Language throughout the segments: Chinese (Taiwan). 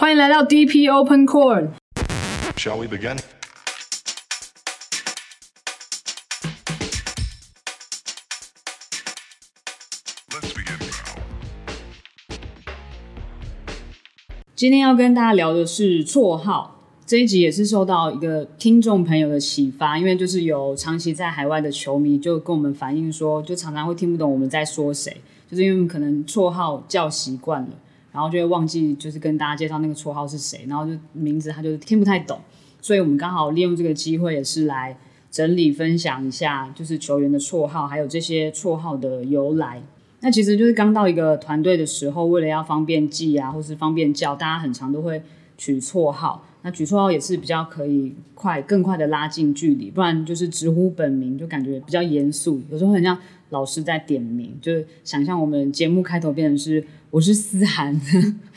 歡迎來到 DP Open Court。Shall we begin? Let's begin. 今天要跟大家聊的是綽號。這一集也是受到一個聽眾朋友的啟發，因為就是有長期在海外的球迷就跟我們反映說，就常常會聽不懂我們在說誰，就是因為可能綽號叫習慣了。然後就會忘記，就是跟大家介紹那個綽號是誰，然後就名字他就聽不太懂，所以我們剛好利用這個機會也是來整理分享一下，就是球員的綽號，還有這些綽號的由來。那其實就是剛到一個團隊的時候，為了要方便記啊，或是方便叫，大家很常都會取綽號。啊、舉綽號也是比較可以快，更快的拉近距離，不然就是直呼本名就感覺比較嚴肅，有時候很像老師在點名。就想象我們節目開頭變成是：我是思涵，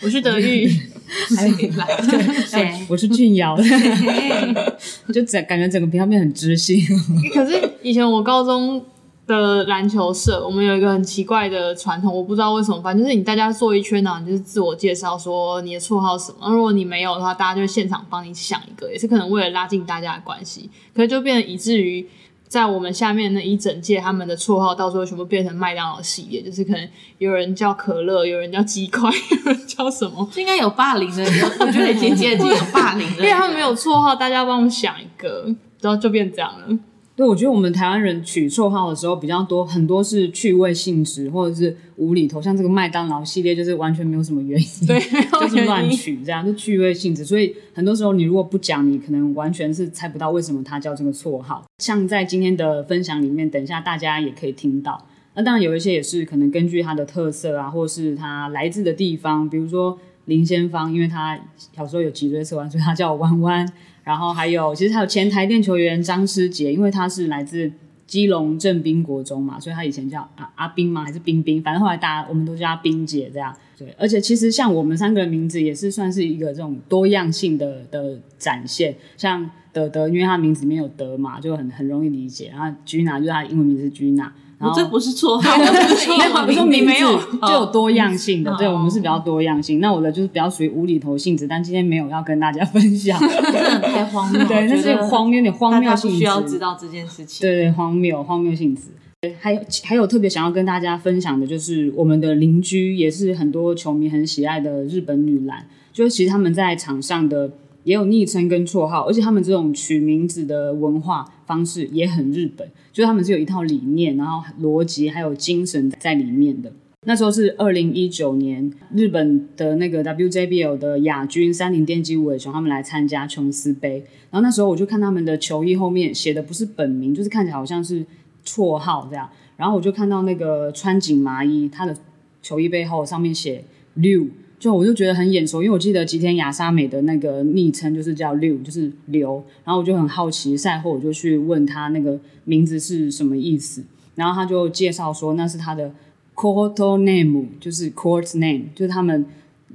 我是德育，誰 還是 來？我是俊瑤， 就整感覺整個畫面很知性。 可是以前我高中的籃球社，我們有一個很奇怪的傳統，我不知道為什麼，反正就是你大家坐一圈呢，你就是自我介紹說你的綽號什麼。如果你沒有的話，大家就會現場幫你想一個，也是可能為了拉近大家的關係，可是就變得以至於在我們下面那一整屆他們的綽號，到時候全部變成麥當勞系列，就是可能有人叫可樂，有人叫雞塊，有人叫什麼？應該有霸凌的，我覺得已經有霸凌了，那個， 因為他們沒有綽號，大家幫我們想一個，然後就變這樣了。我覺得我們台灣人取綽號的時候比較多，很多是趣味性質或者是無厘頭，像這個麥當勞系列就是完全沒有什麼原因，對，沒有原因，就是亂取這樣，就趣味性質。所以很多時候你如果不講，你可能完全是猜不到為什麼他叫這個綽號。像在今天的分享裡面，等一下大家也可以聽到。那當然有一些也是可能根據他的特色啊，或是他來自的地方，比如說林先芳，因為他小時候有脊椎側彎，所以他叫我彎彎。然後還有，其實還有前台電球員張詩杰，因為他是來自基隆正濱國中嘛，所以他以前叫阿阿濱嘛，還是濱濱？反正後來大家我們都叫阿濱姐這樣。對，而且其實像我們三個人名字也是算是一個這種多樣性的的展現，像德德，因為他的名字裡面有德嘛，就很很容易理解。然後 Gina 就是他英文名字 Gina 這不是綽號， 不是綽號。我說你沒有，就有多樣性的，哦、對、嗯、對我們是比較多樣性、嗯。那我的就是比較屬於無厘頭性質，但今天沒有要跟大家分享， 真的太荒謬。 對，那是荒謬的荒謬性質。大家不需要知道這件事情。對對，荒謬荒謬性質。還有還有特別想要跟大家分享的就是我們的鄰居，也是很多球迷很喜愛的日本女籃。就是其實他們在場上的。也有昵稱跟綽號，而且他們這種取名字的文化方式也很日本，就是他們是有一套理念，然後邏輯還有精神在裡面的。那時候是二零一九年，日本的那個 WJBL 的亞軍三菱電機無尾熊他們來參加瓊斯杯，然後那時候我就看他們的球衣後面寫的不是本名，就是看起來好像是綽號這樣，然後我就看到那個川井麻衣，他的球衣背後上面寫六。就我就覺得很眼熟，因為我記得吉田亞沙美的那個昵稱就是叫 Liu，就是劉。然後我就很好奇，賽後我就去問他那個名字是什麼意思，然後他就介紹說那是他的 Court Name，就是 Court Name，就是他們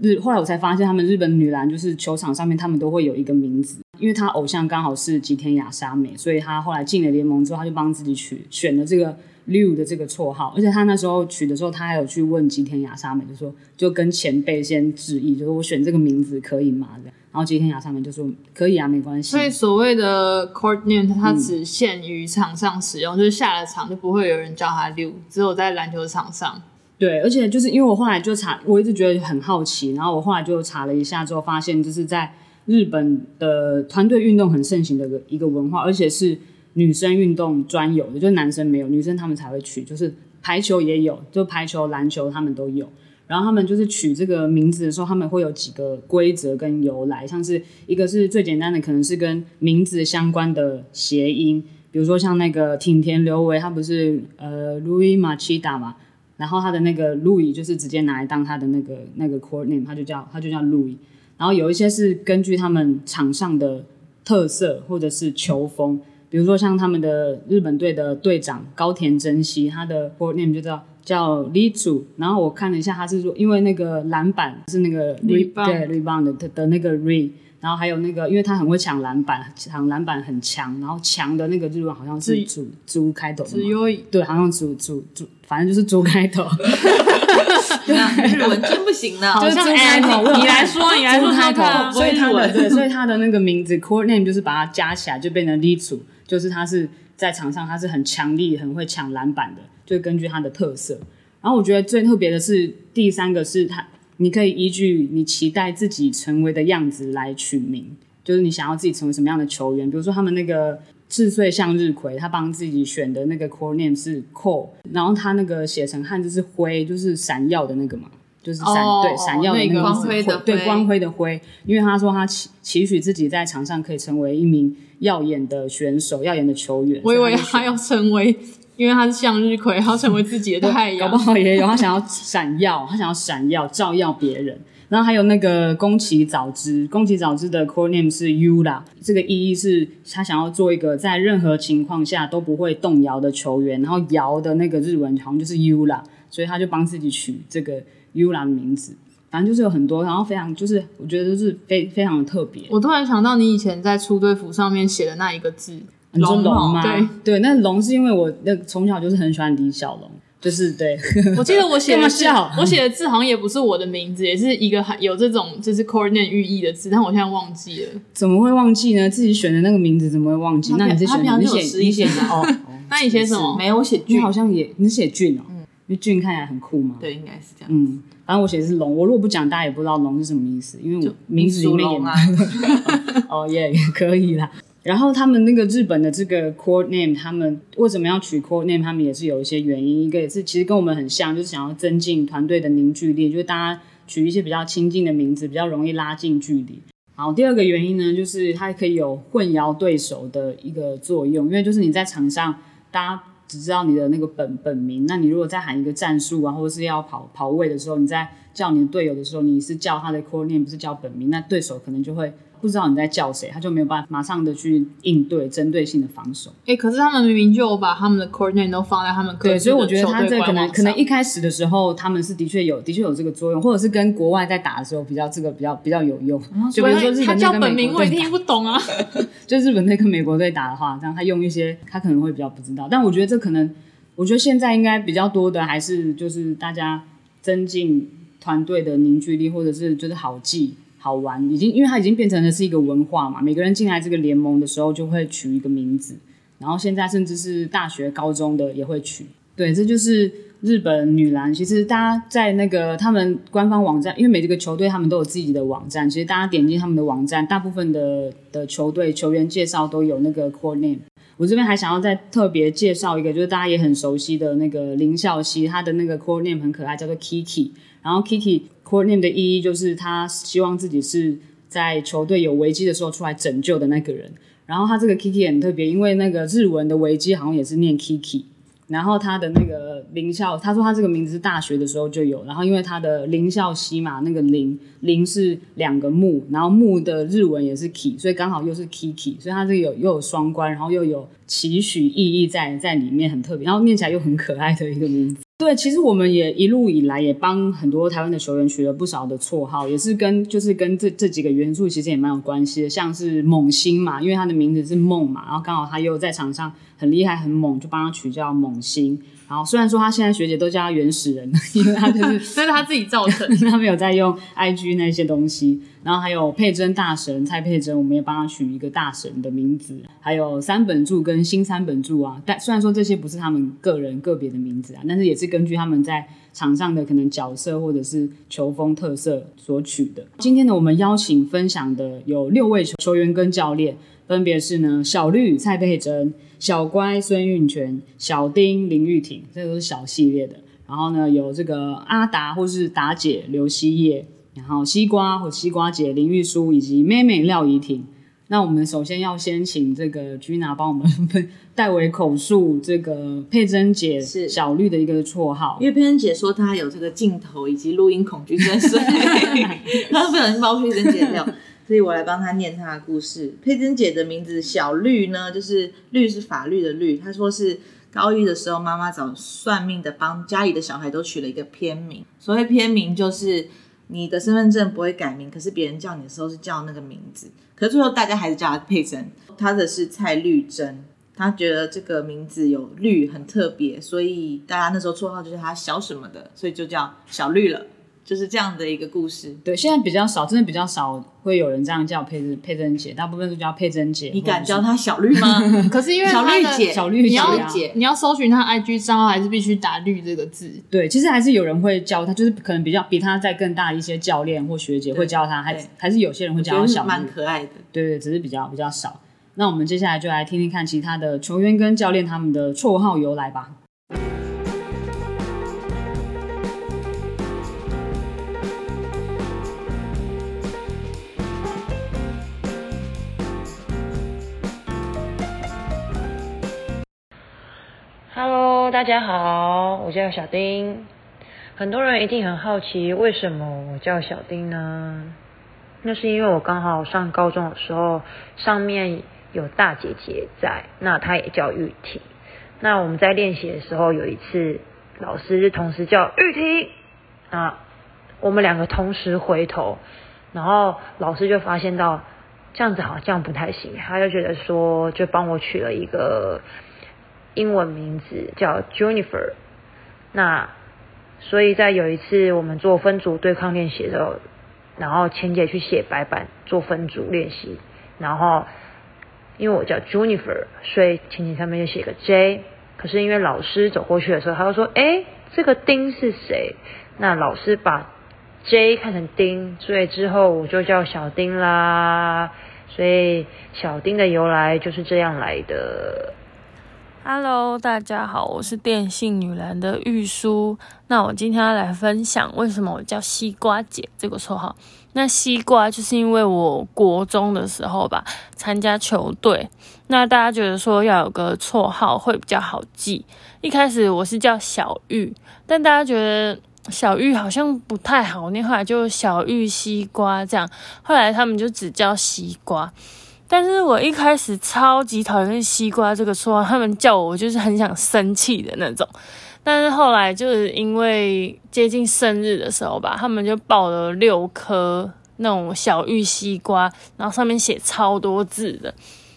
日。後來我才發現，他們日本女籃就是球場上面他們都會有一個名字，因為他偶像剛好是吉田亞沙美，所以他後來進了聯盟之後，他就幫自己取選了這個。六的這個綽號，而且他那時候取的時候，他還有去問吉田亞沙美，就說就跟前輩先致意，就是我選這個名字可以嗎？然後吉田亞沙美就說可以啊，沒關係。所以所謂的 Court Name，它只限於場上使用，嗯，就是下了場就不會有人叫他六，只有在籃球場上。對，而且就是因為我後來就查，我一直覺得很好奇，然後我後來就查了一下之後，發現就是在日本的團隊運動很盛行的一個文化，而且是。女生運動專有的就是男生沒有，女生他們才會取，就是排球也有，就排球、籃球他們都有。然後他們就是取這個名字的時候，他們會有幾個規則跟由來，像是一個是最簡單的，可能是跟名字相關的諧音，比如說像那個町田瑠唯，他不是呃 Louis Machida 嘛，然後他的那個 Louis 就是直接拿來當他的那個那個 Court Name，他就叫他就叫 Louis。然後有一些是根據他們場上的特色或者是球風。比如說像他們的日本隊的隊長高田真希，他的 court name 就叫叫李祖，然後我看了一下，他是說因為那個籃板是那個 rebound，rebound 的的的那個 re。然後還有那個，因為他很會搶籃板，搶籃板很強。然後強的那個日本好像是主主開頭的，是 U，對，好像主主主，反正就是主開頭。 日 文真不行呢。就像 a i p 你來說， 你來說 a p 所以他的 所以他的那個名字 Court Name 就是把它加起來就變成 l e i z 就是他是在場上，他是很強力、很會搶籃板的，就根據他的特色。然後我覺得最特別的是第三個是他，你可以依據你期待自己成為的樣子來取名，就是你想要自己成為什麼樣的球員，比如說他們那個。赤穗向日葵，他幫自己選的那個 court name 是 coal，然後他那個寫成漢字是輝，就是閃耀的那個嘛，就是閃、oh, 對閃耀的那個、那個、光輝的，對光輝的輝。因為他說他祈期期許自己在場上可以成為一名耀眼的選手，耀眼的球員。我以為他要成為，因為他是向日葵，他要成為自己的太陽。搞不好也有他想要閃耀，他想要閃耀，照耀別人。然後還有那個宮崎早知，宮崎早知的 Court Name 是 U 啦，這個意義是他想要做一個在任何情況下都不會動搖的球員，然後搖的那個日文好像就是 U 啦，所以他就幫自己取這個 U 拉名字。反正就是有很多，然後非常就是我覺得就是非非常的特別。我突然想到你以前在出隊服上面寫的那一個字，龍。你說龍嗎？對，對，那龍是因為我那從小就是很喜歡李小龍。就是對，我記得我寫的是，我寫的字好像也不是我的名字，也是一個有這種就是 Court Name 寓意的字，但我現在忘記了。怎麼會忘記呢？自己選的那個名字怎麼會忘記？Okay, 那你是選的詩一詩你寫你寫的、哦 哦？那你寫什麼？沒有，我寫俊，好像也你寫俊哦。嗯、因為俊，看起來很酷嘛。對，應該是這樣子。嗯，反正我寫的是龍，我如果不講，大家也不知道龍是什麼意思，因為我名字裡面、龍啊。 哦耶，yeah, 可以啦。然後他們那個日本的這個 Court Name，他們為什麼要取 Court Name？他們也是有一些原因，一個也是其實跟我們很像，就是想要增進團隊的凝聚力，就是大家取一些比較親近的名字，比較容易拉近距離。好，第二個原因呢，就是它可以有混淆對手的一個作用，因為就是你在場上，大家只知道你的那個本本名，那你如果在喊一個戰術啊，或者是要跑跑位的時候，你在叫你的隊友的時候，你是叫他的 Court Name，不是叫本名，那對手可能就會。不知道你在叫誰，他就沒有辦法馬上的去應對針對性的防守。哎、欸，可是他們明明就有把他們的 coordinate 都放在他們的對，所以我覺得他這可能可能一開始的時候，他們是的確有的確有這個作用，或者是跟國外在打的時候比較這個比較比較有用。嗯嗯啊、所以、哎、他叫本名，我一定聽不懂啊。就日本隊跟美國隊打的話，這樣他用一些他可能會比較不知道。但我覺得這可能，我覺得現在應該比較多的還是就是大家增進團隊的凝聚力，或者是就是好記。好玩，已經因為它已經變成了是一個文化嘛。每個人進來這個聯盟的時候就會取一個名字，然後現在甚至是大學、高中的也會取。對，這就是日本女籃。其實大家在那個他們官方網站，因為每個球隊他們都有自己的網站。其實大家點擊他們的網站，大部分的的球隊球員介紹都有那個 Court Name。我這邊還想要再特別介紹一個，就是大家也很熟悉的那個林孝希，他的那個 Court Name 很可愛，叫做 Kiki。然後 Kiki。Court name 的意義就是他希望自己是在球隊有危機的時候出來拯救的那個人。然後他這個 Kiki 很特別，因為那個日文的危機好像也是念 Kiki。然後他的那個林孝，他說他這個名字是大學的時候就有。然後因為他的林孝希嘛，那個林林是兩個木，然後木的日文也是 Ki，所以剛好又是 Kiki，所以他這個有又有雙關，然後又有期許意義在在裡面，很特別，然後念起來又很可愛的一個名字。對，其實我們也一路以來也幫很多台灣的球員取了不少的綽號，也是跟就是跟這這幾個元素其實也蠻有關係的，像是猛星嘛，因為他的名字是夢嘛，然後剛好他又在場上，很厲害，很猛，就幫他取叫猛星。然後雖然說他現在學姐都叫他原始人，因為他就是這是 他自己造成， 他沒有在用 IG 那些東西。然後還有佩真大神蔡佩真，我們也幫他取一個大神的名字。還有三本柱跟新三本柱啊，但雖然說這些不是他們個人個別的名字啊，但是也是根據他們在場上的可能角色或者是球風特色所取的。今天呢，我們邀請分享的有六位球球員跟教練。分別是呢，小律蔡佩真、小乖孫韻筌、小丁林育庭，這個都是小系列的。然後呢，有這個阿達或是達姐劉希曄，然後西瓜或西瓜姐林玉書以及妹妹廖怡婷，嗯。那我們首先要先請這個 Gina 幫我們代為口述這個佩真姐是小律的一個綽號，因為佩真姐說她有這個鏡頭以及錄音恐懼症，所以 是她不小心把我佩真姐剪掉。 所以，我來幫他念他的故事。佩真姐的名字小律呢，就是律是法律的律。他說是高一的時候，媽媽找算命的幫家裡的小孩都取了一個偏名。所謂偏名，就是你的身份證不會改名，可是別人叫你的時候是叫那個名字。可是最後大家還是叫她佩真。她的是蔡律真，她覺得這個名字有律很特別，所以大家那時候綽號就是她小什麼的，所以就叫小律了。就是這樣的一個故事。對，現在比較少，真的比較少會有人這樣叫佩真、佩真姐，大部分都叫佩真姐。你敢叫她小律嗎？ 可是因為小律姐，小律姐、啊，你要搜尋她 IG 賬號，還是必須打“律”這個字？對，其實還是有人會叫她，就是可能比較比她在更大的一些教練或學姐會叫她，還是還是有些人會叫她小律。蠻可愛的。對對，只是比較比較少。那我們接下來就來聽聽看其他的球員跟教練他們的綽號由來吧。Hello，大家好，我叫小丁。很多人一定很好奇，為什麼我叫小丁呢？那是因為我剛好上高中的時候，上面有大姐姐在，那她也叫育庭。那我們在練習的時候，有一次老師就同時叫育庭，啊，我們兩個同時回頭，然後老師就發現到這樣子好像不太行，他就覺得說，就幫我取了一個。英文名字叫 Junifer，那所以在有一次我們做分組對抗練習的時候，然後前姐去寫白板做分組練習，然後因為我叫 Junifer，所以前姐上面就寫個 J，可是因為老師走過去的時候，他就說：“哎，這個丁是誰？”那老師把 J 看成丁，所以之後我就叫小丁啦，所以小丁的由來就是這樣來的。Hello，大家好，我是電信女籃的玉書。那我今天要來分享為什麼我叫西瓜姐這個綽號。那西瓜就是因為我國中的時候吧，參加球隊，那大家覺得說要有個綽號會比較好記。一開始我是叫小玉，但大家覺得小玉好像不太好念，那後來就小玉西瓜這樣，後來他們就只叫西瓜。但是我一開始超級討厭西瓜這個綽號，他們叫我，我就是很想生氣的那種。但是後來就是因為接近生日的時候吧，他們就抱了六顆那種小玉西瓜，然後上面寫超多字的，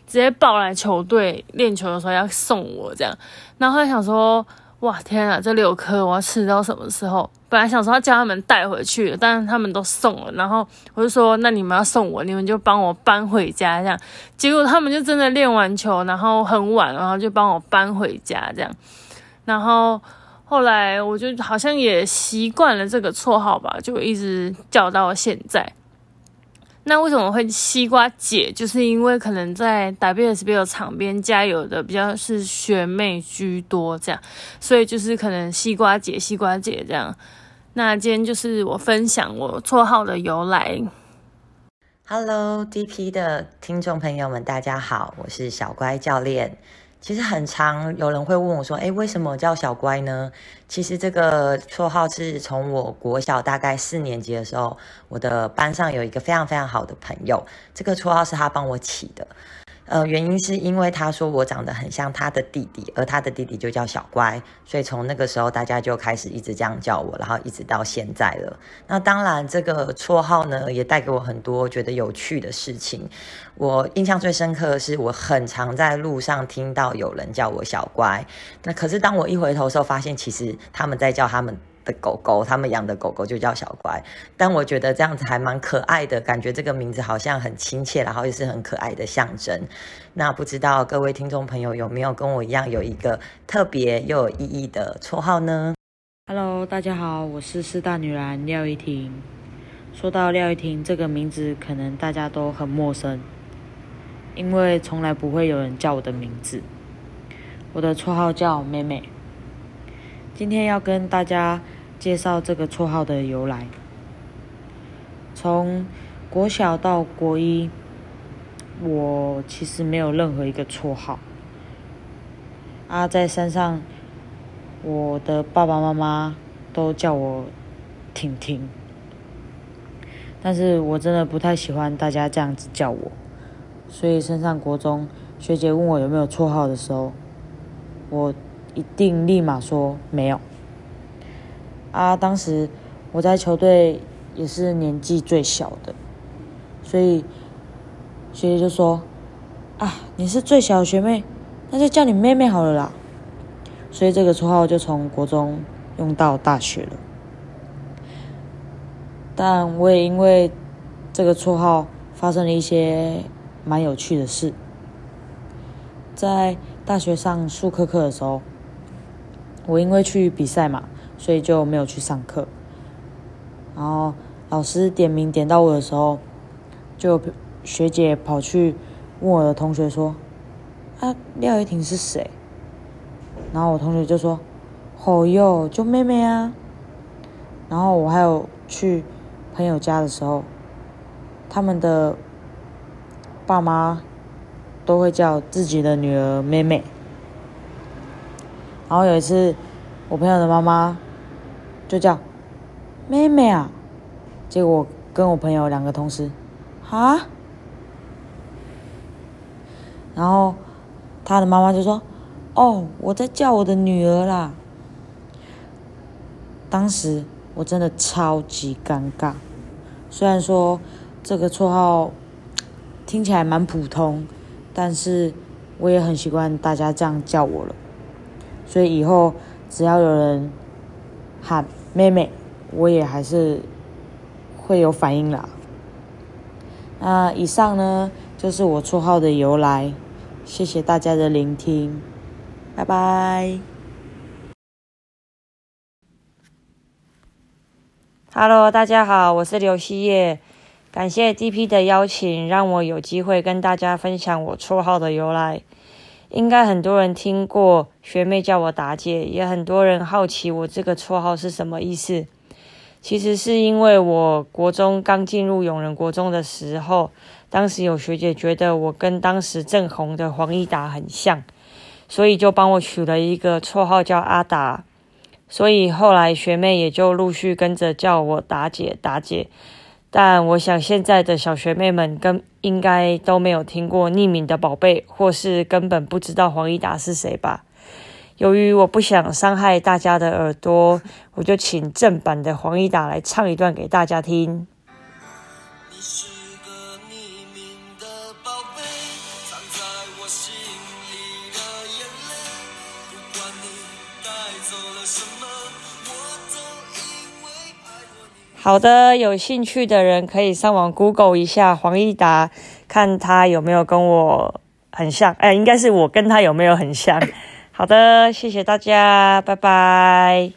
直接抱來球隊練球的時候要送我這樣。然後他想說。哇天啊，這六顆，我要吃到什麼時候？本來想說他叫他們帶回去，但是他們都送了，然後我就說，那你們要送我，你們就幫我搬回家這樣。結果他們就真的練完球，然後很晚，然後就幫我搬回家這樣。然後後來我就好像也習慣了這個綽號吧，就一直叫到現在。那為什麼我會西瓜姐？就是因為可能在 WSBL 的場邊加油的比較是學妹居多，這樣，所以就是可能西瓜姐、西瓜姐這樣。那今天就是我分享我綽號的由來。Hello DP 的聽眾朋友們，大家好，我是小乖教練。其實很常有人會問我說：“誒，為什麼我叫小乖呢？”其實這個綽號是從我國小大概四年級的時候，我的班上有一個非常非常好的朋友，這個綽號是他幫我起的。呃，原因是因為他說我長得很像他的弟弟，而他的弟弟就叫小乖，所以從那個時候大家就開始一直這樣叫我，然後一直到現在了。那當然，這個綽號呢也帶給我很多覺得有趣的事情。我印象最深刻的是，我很常在路上聽到有人叫我小乖，那可是當我一回頭時候，發現其實他們在叫他們的狗狗。他們養的狗狗就叫小乖，但我覺得這樣子還蠻可愛的，感覺這個名字好像很親切，然後也是很可愛的象徵。那不知道各位聽眾朋友有沒有跟我一樣有一個特別又有意義的綽號呢？Hello，大家好，我是師大女籃廖怡婷。說到廖怡婷這個名字，可能大家都很陌生，因為從來不會有人叫我的名字。我的綽號叫妹妹。今天要跟大家介紹這個綽號的由來。從國小到國一，我其實沒有任何一個綽號。啊，在山上，我的爸爸媽媽都叫我婷婷，但是我真的不太喜歡大家這樣子叫我，所以升上國中學姐問我有沒有綽號的時候，我。一定立馬說沒有。啊，當時我在球隊也是年紀最小的，所以學姐就說：“啊，你是最小的學妹，那就叫你妹妹好了啦。”所以這個綽號就從國中用到大學了。但我也因為這個綽號發生了一些蠻有趣的事，在大學上數科課的時候。我因為去比賽嘛，所以就沒有去上課。然後老師點名點到我的時候，就學姐跑去問我的同學說：“啊，廖怡婷是誰？”然後我同學就說：“好、哦、喲，就妹妹啊。”然後我還有去朋友家的時候，他們的爸媽都會叫自己的女兒妹妹。然後有一次，我朋友的媽媽就叫妹妹啊，結果跟我朋友兩個同事，啊，然後他的媽媽就說：“哦，我在叫我的女兒啦。”當時我真的超級尷尬，雖然說這個綽號聽起來蠻普通，但是我也很習慣大家這樣叫我了。所以以後只要有人喊“妹妹”，我也還是會有反應啦。那以上呢，就是我綽號的由來，謝謝大家的聆聽，拜拜。Hello，大家好，我是劉希曄，感謝 DP 的邀請，讓我有機會跟大家分享我綽號的由來。應該很多人聽過學妹叫我達姐，也很多人好奇我這個綽號是什麼意思。其實是因為我國中剛進入永仁國中的時候，當時有學姐覺得我跟當時正紅的黃義達很像，所以就幫我取了一個綽號叫阿達。所以後來學妹也就陸續跟着叫我達姐，達姐。但我想，現在的小學妹們跟應該都沒有聽過《匿名的寶貝》，或是根本不知道黃義達是誰吧？由於我不想傷害大家的耳朵，我就請正版的黃義達來唱一段給大家聽。好的，有興趣的人可以上網 Google 一下黃義達，看他有沒有跟我很像。誒，欸，應該是我跟他有沒有很像。好的，謝謝大家，拜拜。